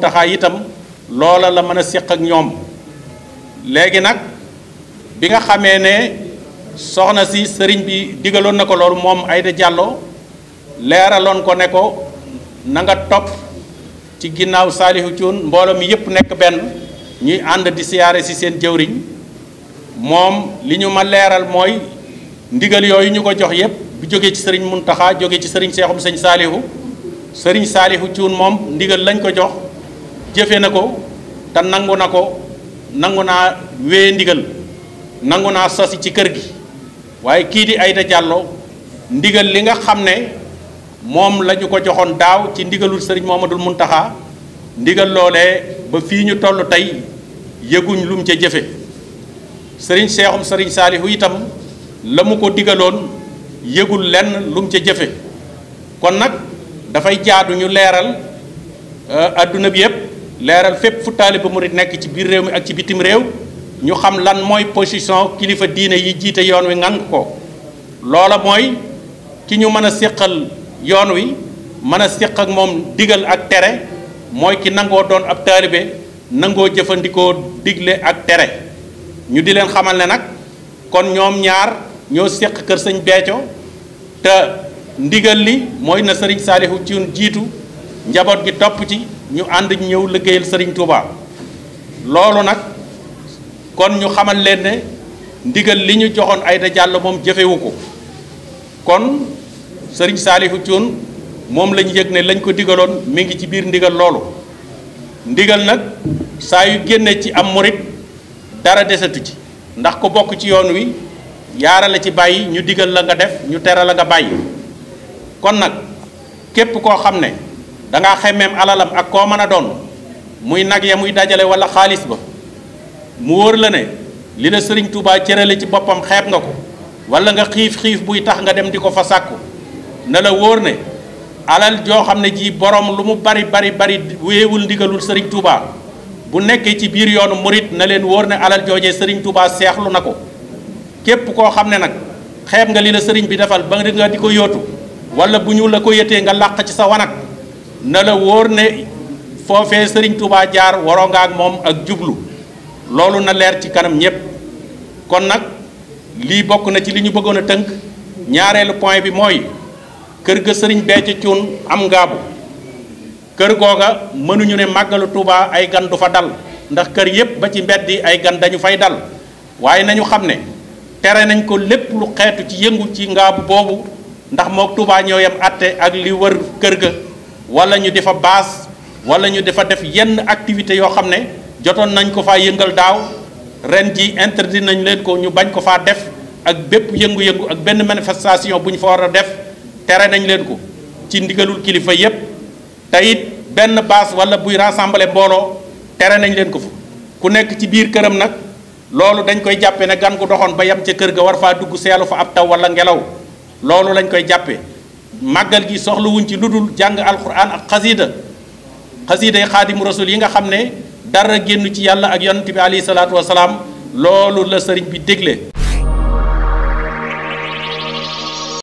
taxaa itam loola la mën a séq ak ñoom léegi nag bi nga xamee ne soxna si sëriñ bi digaloon na ko loolu moom Aïda Diallo leeraloon ko ne ko na nga ci ginnaaw Saalihu Cuun mbooloo mi yépp nekk benn ñuy ànd di siyaare si seen jëwriñ moom li ñu ma leeral mooy ndigal yooyu ñu ko jox yépp bu jógee ci sëriñ mun Muntaxa jógee ci sëriñ Seexum sëñ Saalihu sëriñ Saalihu Cuun moom ndigal lañ ko jox jëfe na ko te nangu na ko nangu naa we ndigal nangu naa sosi ci kër gi waaye kii di Aïda jàlloo ndigal li nga xam ne moom la ko joxoon daaw ci ndigalul sëriñ Mouhamadoul Mountakha ndigal loolee ba fii ñu toll tey yëguñ lum ca jëfe sëriñ seexum sëriñ saalihu itam la mu ko digaloon yëgul lenn lum ca jëfe kon nag dafay jaadu ñu leeral euh, adduna bi yépp leeral fépp fu taaliba murit nekk ci biir réew mi ak ci bitim réew ñu xam lan mooy position kilifa diine yi jiite yoon wi ngang ko loola mooy ki ñu mën a séqal yoon wi mën a séq ak moom digal ak tere mooy ki nangoo doon ab taalibe nangoo jëfandikoo digle ak tere ñu di leen xamal ne nag kon ñoom ñaar ñoo séq kër sëñ Béthio te ndigal li mooy na sëriñ Saalihu ci jiitu njaboot gi topp ci ñu ànd ñëw liggéeyal sëriñ Touba loolu nag kon ñu xamal leen ne ndigal li ñu joxoon Aïda Diallo moom jëfewu ko kon sëriñ Saalihu Thioune moom lañu yëg ne lañ ko digaloon mi ngi ci biir ndigal loolu ndigal nag saa yu génne ci am murit dara desatu ci ndax ko bokk ci yoon wi yaara la ci bàyyi ñu digal la nga def ñu teral a nga bàyyi kon nag képp koo xam ne da ngaa xemmeem alalam ak koo mën a doon muy nag ya muy dajale wala xaalis ba mu wóor la ne li la sëriñ tuubaa Touba la ci boppam xeeb nga ko wala nga xiif xiif buy tax nga dem di ko fa sàkku na la wóor ne alal joo xam ne ji borom lu mu bari bari bari wéewul ndigalul sëriñ Touba bu nekkee ci biir yoonu murit na leen wóor ne alal joojee sëriñ Touba seexlu na ko képp koo xam ne nag xeeb nga li la sëriñ bi defal ba nga di ko yootu wala bu ñu la ko yëtee nga làq ci sa wanag na la wóor ne foofee sëriñ Touba jaar waroo nga ak moom ak jublu loolu na leer ci kanam ñépp kon nag lii bokk na ci li ñu bëggoon a tënk ñaareelu point bi mooy kër ga sëriñ Béthio Thioune am ngaabu kër googa mënuñu ne màggalu Touba ay gan du fa dal ndax kër yépp ba ci mbedd yi ay gan dañu fay dal waaye nañu xam ne tere nañ ko lépp lu xeetu ci yëngu ci ngaabu boobu ndax mook Touba ñoo yem àtte ak li wër kër ga wala ñu defa baas wala ñu defa def yenn activité yoo xam ne jotoon nañ ko fa yëngal daaw ren ji interdit nañ leen ko ñu bañ ko faa def ak bépp yëngu-yëngu ak benn manifestation bu ñu fa war a def tere nañ leen ko ci ndigalul kilifa yépp te it benn base wala buy rassembler mbooloo tere nañ leen ko fa ku nekk ci biir këram nag loolu dañ koy jàppe ne gan gu doxoon ba yem ca kër ga war faa dugg seelu fa ab taw wala ngelaw loolu lañ koy jàppee màggal gi soxluwuñ ci lu dul jàng alquran ak xasida xasida yi xaadimu rasul yi nga xam ne dara génn ci yàlla ak yonent bi alayhi salaatu wasalaam loolu la sëriñ bi dégle